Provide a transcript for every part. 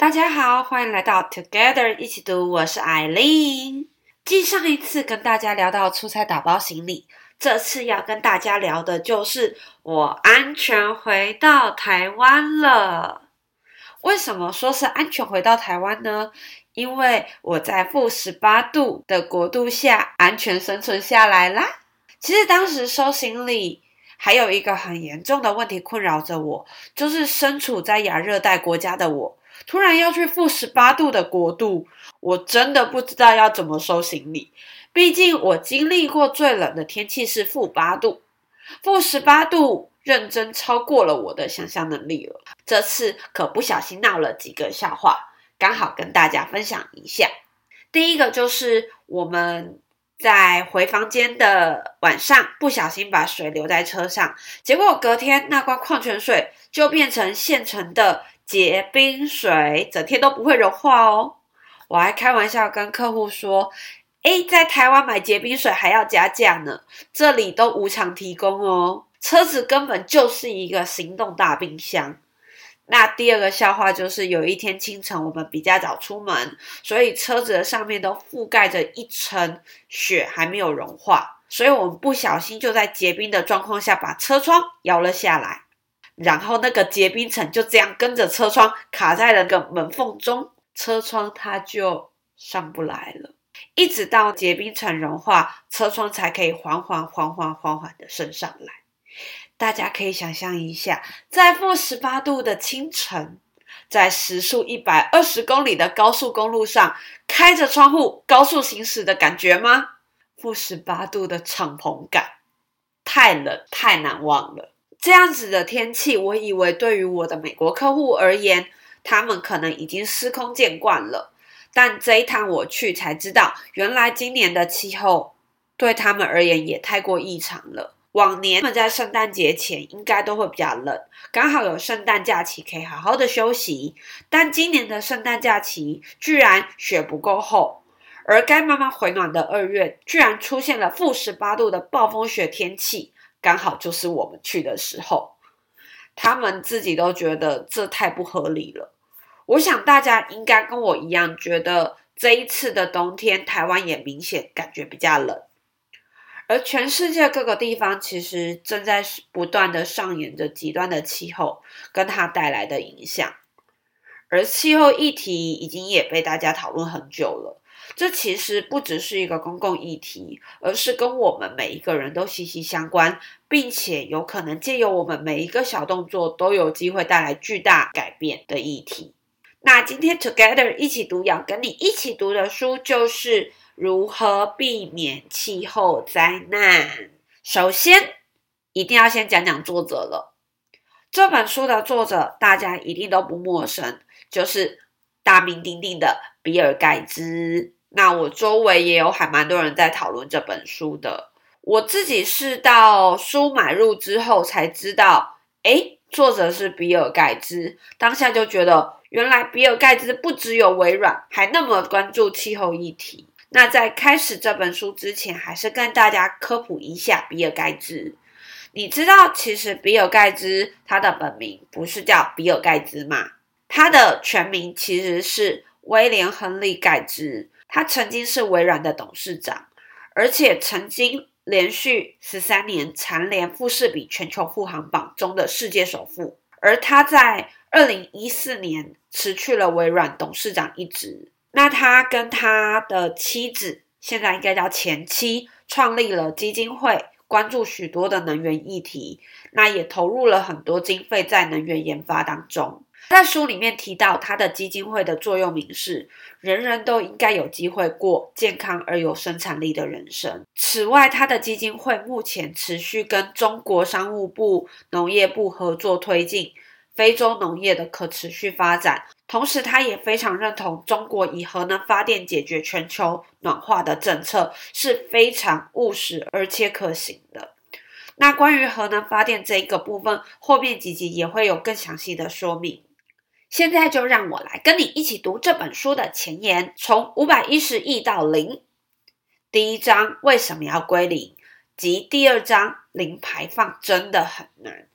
大家好，歡迎來到 Together 一起讀，我是 Aileen。繼上一次跟大家聊到出差打包行李，這次要跟大家聊的就是我安全回到台灣了。為什麼說是安全回到台灣呢？因為我在負十八度的國度下安全生存下來啦。其實當時收行李還有一個很嚴重的問題困擾着我，就是身處在亞熱帶國家的我。突然要去負十八度的國度，我真的不知道要怎麼收行李。畢竟我經歷過最冷的天氣是負八度，負十八度認真超過了我的想象能力了。這次可不小心鬧了幾個笑話，剛好跟大家分享一下。第一個就是我們在回房間的晚上不小心把水留在車上，結果隔天那罐礦泉水就變成現成的。結冰水整天都不會融化哦，我還開玩笑跟客戶說，誒，在台灣買結冰水還要加價呢，這裡都無償提供哦。車子根本就是一個行動大冰箱。那第二個笑話就是，有一天清晨我們比較早出門，所以車子的上面都覆蓋着一層雪還沒有融化，所以我們不小心就在結冰的狀況下把車窗搖了下來。然後那個結冰層就這樣跟着車窗卡在了個門縫中，車窗它就上不來了。一直到結冰層融化，車窗才可以緩緩緩緩緩緩的升上來。大家可以想象一下，在負十八度的清晨，在時速一百二十公里的高速公路上開着窗戶高速行駛的感覺嗎？負十八度的敞篷感，太冷太難忘了。這樣子的天氣，我以為對於我的美國客戶而言，他們可能已經司空見慣了。但這一趟我去才知道，原來今年的氣候對他們而言也太過異常了。往年他們在聖誕節前應該都會比較冷，剛好有聖誕假期可以好好的休息。但今年的聖誕假期居然雪不夠厚，而該慢慢回暖的二月，居然出現了負十八度的暴風雪天氣。剛好就是我們去的時候，他們自己都覺得這太不合理了。我想大家應該跟我一樣，覺得這一次的冬天，台灣也明顯感覺比較冷。而全世界各個地方其實正在不斷的上演着極端的氣候，跟它帶來的影響。而氣候議題已經也被大家討論很久了。這其實不只是一個公共議題，而是跟我們每一個人都息息相關，並且有可能借由我們每一個小動作都有機會帶來巨大改變的議題。那今天 Together 一起讀，要跟你一起讀的書就是《如何避免氣候災難》。首先，一定要先講講作者了。這本書的作者大家一定都不陌生，就是大名鼎鼎的比爾蓋茨。那我周圍也有還蠻多人在討論這本書的。我自己是到書買入之後才知道，誒，作者是比爾蓋茨。當下就覺得，原來比爾蓋茨不只有微軟，還那麼關注氣候議題。那在開始這本書之前，還是跟大家科普一下比爾蓋茨。你知道，其實比爾蓋茨他的本名不是叫比爾蓋茨嗎？他的全名其實是威廉·亨利·蓋茨。他曾經是微軟的董事長，而且曾經連續十三年蟬聯富士比全球富豪榜中的世界首富。而他在二零一四年辭去了微軟董事長一職。那他跟他的妻子，現在應該叫前妻，創立了基金會，關注許多的能源議題。那也投入了很多經費在能源研發當中。他在書裡面提到，他的基金會的座右銘是“人人都應該有機會過健康而有生產力的人生”。此外，他的基金會目前持續跟中國商務部、農業部合作推進非洲農業的可持續發展。同時，他也非常認同中國以核能發電解決全球暖化的政策是非常務實而且可行的。那關於核能發電這一個部分，後面幾集也會有更詳細的說明。現在就讓我來跟你一起讀這本書的前言，從五百一十億到零。第一章為什麼要歸零？及第二章零排放真的很難？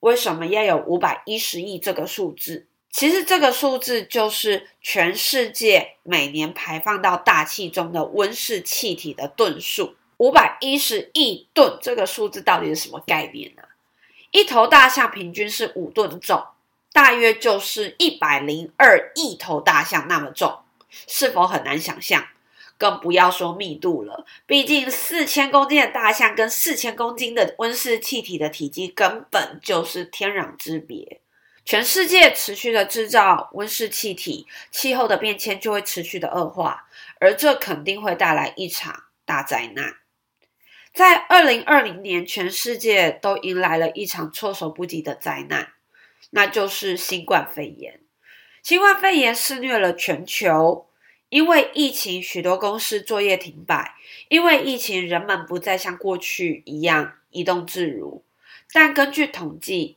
為什麼要有五百一十億這個數字？其實這個數字就是全世界每年排放到大氣中的溫室氣體的噸數。五百一十億噸這個數字到底是什麼概念呢？一頭大象平均是五噸重。大約就是一百零二億頭大象那麼重，是否很難想象？更不要說密度了。畢竟四千公斤的大象跟四千公斤的溫室氣體的體積根本就是天壤之別。全世界持續的製造溫室氣體，氣候的變遷就會持續的惡化，而這肯定會帶來一場大災難。在二零二零年，全世界都迎來了一場措手不及的災難。那就是新冠肺炎。新冠肺炎肆虐了全球，因為疫情許多公司作業停擺，因為疫情人們不再像過去一樣移動自如。但根據統計，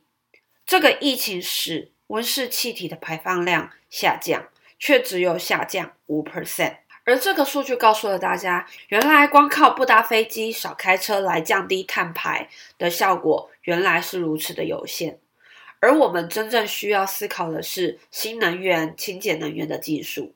這個疫情使溫室氣體的排放量下降，卻只有下降五 percent。而這個數據告訴了大家，原來光靠不搭飛機、少開車來降低碳排的效果，原來是如此的有限。而我們真正需要思考的是新能源、清潔能源的技術。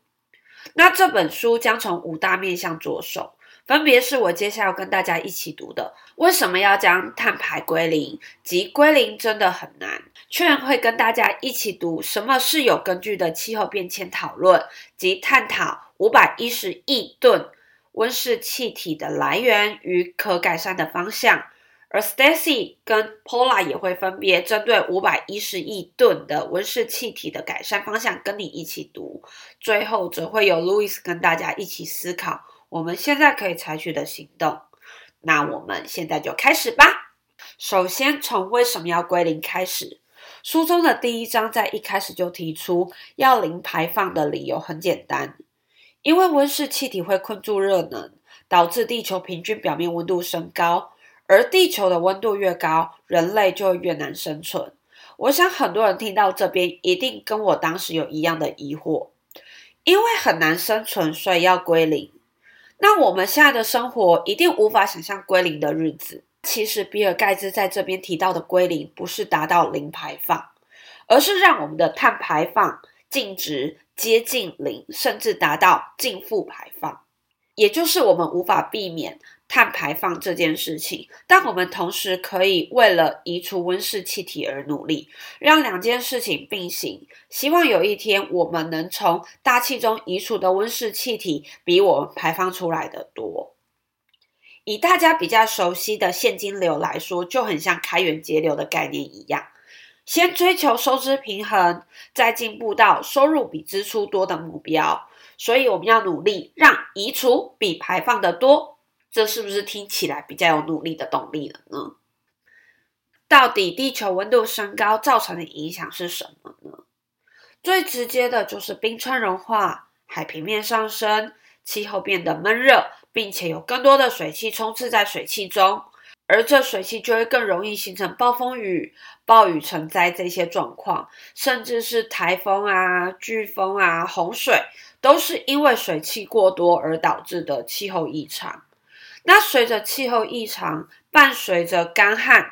那這本書將從五大面向着手，分別是我接下來要跟大家一起讀的：為什麼要將碳排歸零？即歸零真的很難。Chen 會跟大家一起讀什麼是有根據的氣候變遷討論及探討五百一十億噸溫室氣體的來源與可改善的方向。而 Stacy 跟 Paula 也會分別針對五百一十億噸的溫室氣體的改善方向跟你一起讀，最後則會有 Lewis 跟大家一起思考我們現在可以採取的行動。那我們現在就開始吧。首先從為什麼要歸零開始，書中的第一章在一開始就提出要零排放的理由很簡單，因為溫室氣體會困住熱能，導致地球平均表面溫度升高。而地球的溫度越高，人類就越難生存。我想很多人聽到這邊，一定跟我當時有一樣的疑惑，因為很難生存，所以要歸零。那我們現在的生活一定無法想象歸零的日子。其實，比爾蓋茨在這邊提到的歸零，不是達到零排放，而是讓我們的碳排放淨值接近零，甚至達到淨負排放，也就是我們無法避免。碳排放這件事情，但我們同時可以為了移除溫室氣體而努力，讓兩件事情並行。希望有一天我們能從大氣中移除的溫室氣體比我們排放出來的多。以大家比較熟悉的現金流來說，就很像開源節流的概念一樣，先追求收支平衡，再進步到收入比支出多的目標。所以我們要努力讓移除比排放的多。這是不是聽起來比較有努力的動力了呢？到底地球溫度升高造成的影響是什麼呢？最直接的就是冰川融化、海平面上升、氣候變得悶熱，並且有更多的水汽充斥在水汽中，而這水汽就會更容易形成暴風雨、暴雨成災這些狀況，甚至是台風啊、颶風啊、洪水，都是因為水汽過多而導致的氣候異常。那隨着氣候異常，伴隨着乾旱，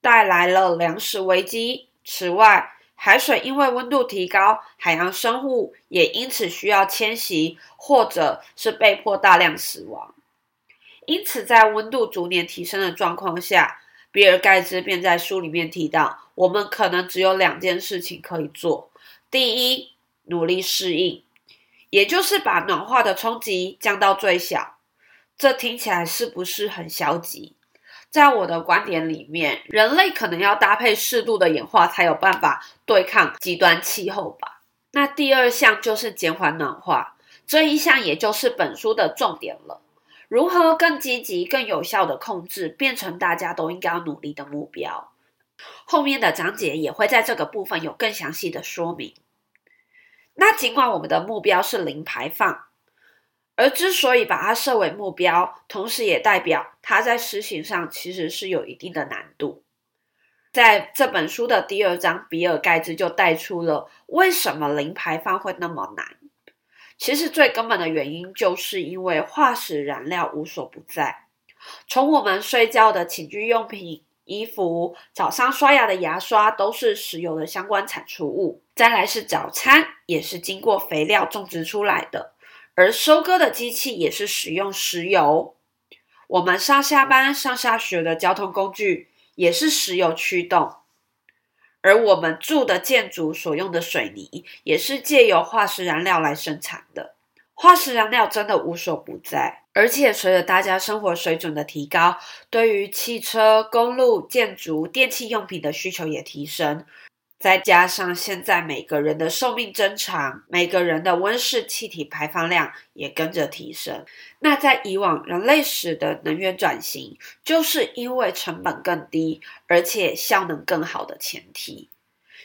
帶來了糧食危機。此外，海水因為溫度提高，海洋生物也因此需要遷徙，或者是被迫大量死亡。因此，在溫度逐年提升的狀況下，比爾蓋茨便在書裡面提到，我們可能只有兩件事情可以做：第一，努力適應，也就是把暖化的衝擊降到最小。這聽起來是不是很消極？在我的觀點裡面，人類可能要搭配適度的演化，才有辦法對抗極端氣候吧。那第二項就是減緩暖化，這一項也就是本書的重點了。如何更積極、更有效的控制，變成大家都應該要努力的目標。後面的講解也會在這個部分有更詳細的說明。那儘管我們的目標是零排放，而之所以把它設為目標，同時也代表它在實行上其實是有一定的難度。在這本書的第二章，比爾蓋茨就帶出了為什麼零排放會那麼難。其實最根本的原因就是因為化石燃料無所不在，從我們睡覺的寢具用品、衣服，早上刷牙的牙刷都是石油的相關產出物。再來是早餐，也是經過肥料種植出來的。而收割的機器也是使用石油，我們上下班、上下學的交通工具也是石油驅動，而我們住的建築所用的水泥也是借由化石燃料來生產的。化石燃料真的無所不在，而且隨着大家生活水準的提高，對於汽車、公路、建築、電器用品的需求也提升。再加上現在每個人的壽命增長，每個人的溫室氣體排放量也跟着提升。那在以往人類史的能源轉型，就是因為成本更低而且效能更好的前提，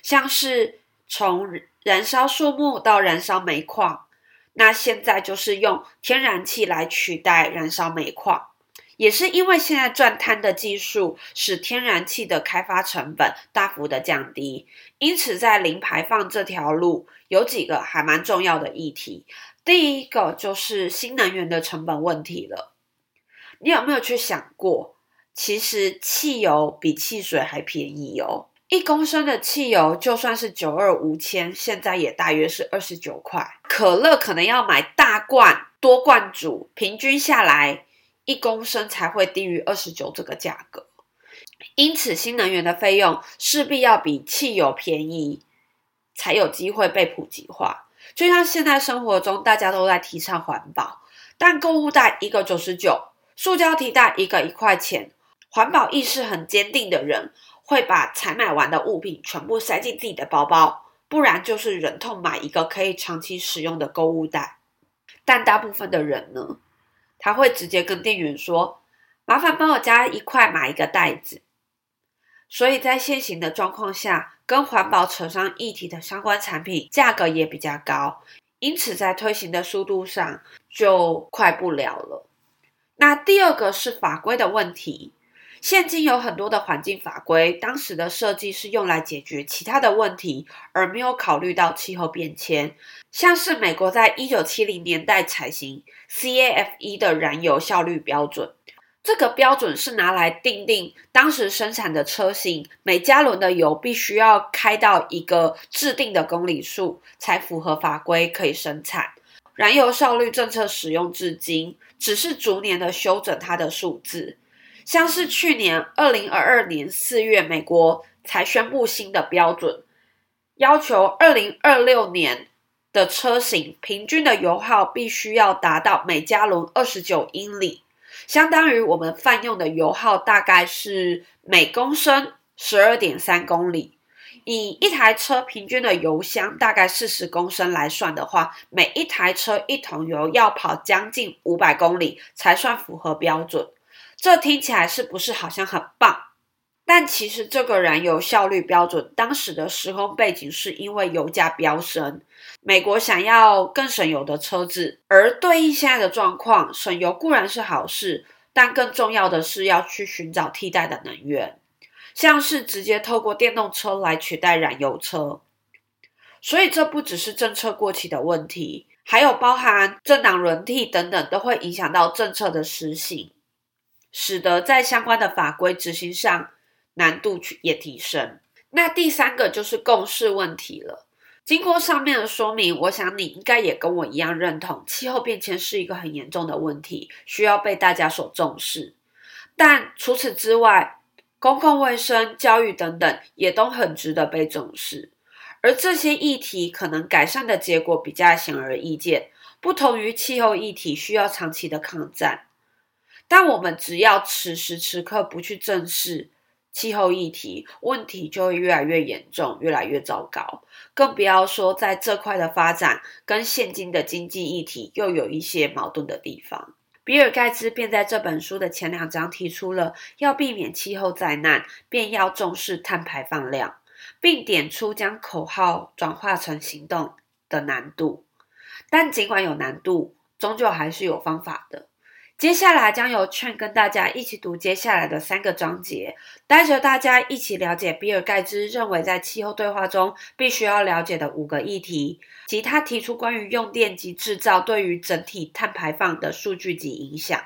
像是從燃燒樹木到燃燒煤礦，那現在就是用天然氣來取代燃燒煤礦。也是因為現在鑽探的技術使天然氣的開發成本大幅的降低，因此在零排放這條路有幾個還蠻重要的議題。第一個就是新能源的成本問題了。你有沒有去想過，其實汽油比汽水還便宜哦。一公升的汽油就算是九二五千，現在也大約是二十九塊。可樂可能要買大罐多罐組，平均下來。一公升才會低於二十九這個價格，因此新能源的費用勢必要比汽油便宜，才有機會被普及化。就像現在生活中，大家都在提倡環保，但購物袋一個九十九，塑膠提袋一個一塊錢。環保意識很堅定的人會把採買完的物品全部塞進自己的包包，不然就是忍痛買一個可以長期使用的購物袋。但大部分的人呢？他會直接跟店員說：“麻煩幫我加一塊，買一個袋子。”所以，在現行的狀況下，跟環保扯上議題的相關產品價格也比較高，因此在推行的速度上就快不了了。那第二個是法規的問題。現今有很多的環境法規，當時的設計是用來解決其他的問題，而沒有考慮到氣候變遷。像是美國在一九七零年代採行 CAFE 的燃油效率標準，這個標準是拿來訂定當時生產的車型每加侖的油必須要開到一個制定的公里數才符合法規，可以生產。燃油效率政策使用至今，只是逐年的修整它的數字。像是去年二零二二年四月，美國才宣布新的標準，要求二零二六年的車型平均的油耗必須要達到每加侖二十九英里，相當於我們泛用的油耗大概是每公升十二點三公里。以一台車平均的油箱大概四十公升來算的話，每一台車一桶油要跑將近五百公里才算符合標準。這聽起來是不是好像很棒？但其實這個燃油效率標準當時的時空背景是因為油價飆升，美國想要更省油的車子。而對應現在的狀況，省油固然是好事，但更重要的是要去尋找替代的能源，像是直接透過電動車來取代燃油車。所以這不只是政策過期的問題，還有包含政黨輪替等等，都會影響到政策的施行。使得在相關的法規執行上難度也提升。那第三個就是共識問題了。經過上面的說明，我想你應該也跟我一樣認同，氣候變遷是一個很嚴重的問題，需要被大家所重視。但除此之外，公共衛生、教育等等也都很值得被重視。而這些議題可能改善的結果比較顯而易見，不同於氣候議題需要長期的抗戰。但我們只要此時此刻不去正視氣候議題，問題就會越來越嚴重、越來越糟糕，更不要說在這塊的發展跟現今的經濟議題又有一些矛盾的地方。比爾·蓋茨便在這本書的前兩章提出了，要避免氣候災難，便要重視碳排放量，並點出將口號轉化成行動的難度。但儘管有難度，終究還是有方法的。接下來將由 Chen 跟大家一起讀接下來的三個章節，帶着大家一起了解比爾蓋茨認為在氣候對話中必須要了解的五個議題，及他提出關於用電及製造對於整體碳排放的數據及影響。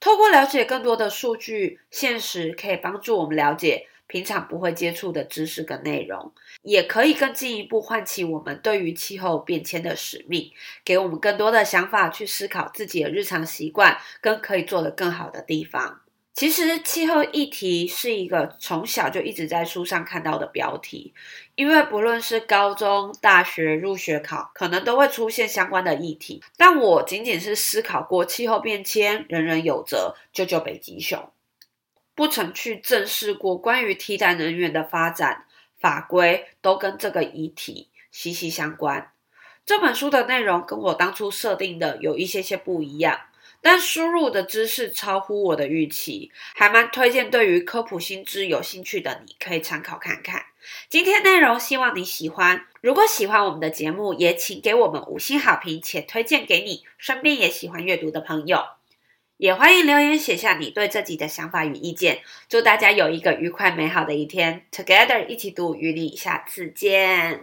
透過了解更多的數據現實，可以幫助我們了解。平常不會接觸的知識跟內容，也可以更進一步喚起我們對於氣候變遷的使命，給我們更多的想法去思考自己的日常習慣跟可以做得更好的地方。其實氣候議題是一個從小就一直在書上看到的標題，因為不論是高中、大學入學考，可能都會出現相關的議題。但我僅僅是思考過氣候變遷，人人有責，救救北極熊。不曾去正視過關於替代能源的發展法規，都跟這個議題息息相關。這本書的內容跟我當初設定的有一些些不一樣，但輸入的知識超乎我的預期，還蠻推薦對於科普新知有興趣的你可以參考看看。今天內容希望你喜歡，如果喜歡我們的節目，也請給我們五星好評，且推薦給你身邊也喜歡閱讀的朋友。也歡迎留言寫下你對自己的想法與意見。祝大家有一個愉快美好的一天，Together 一起讀，與你下次見。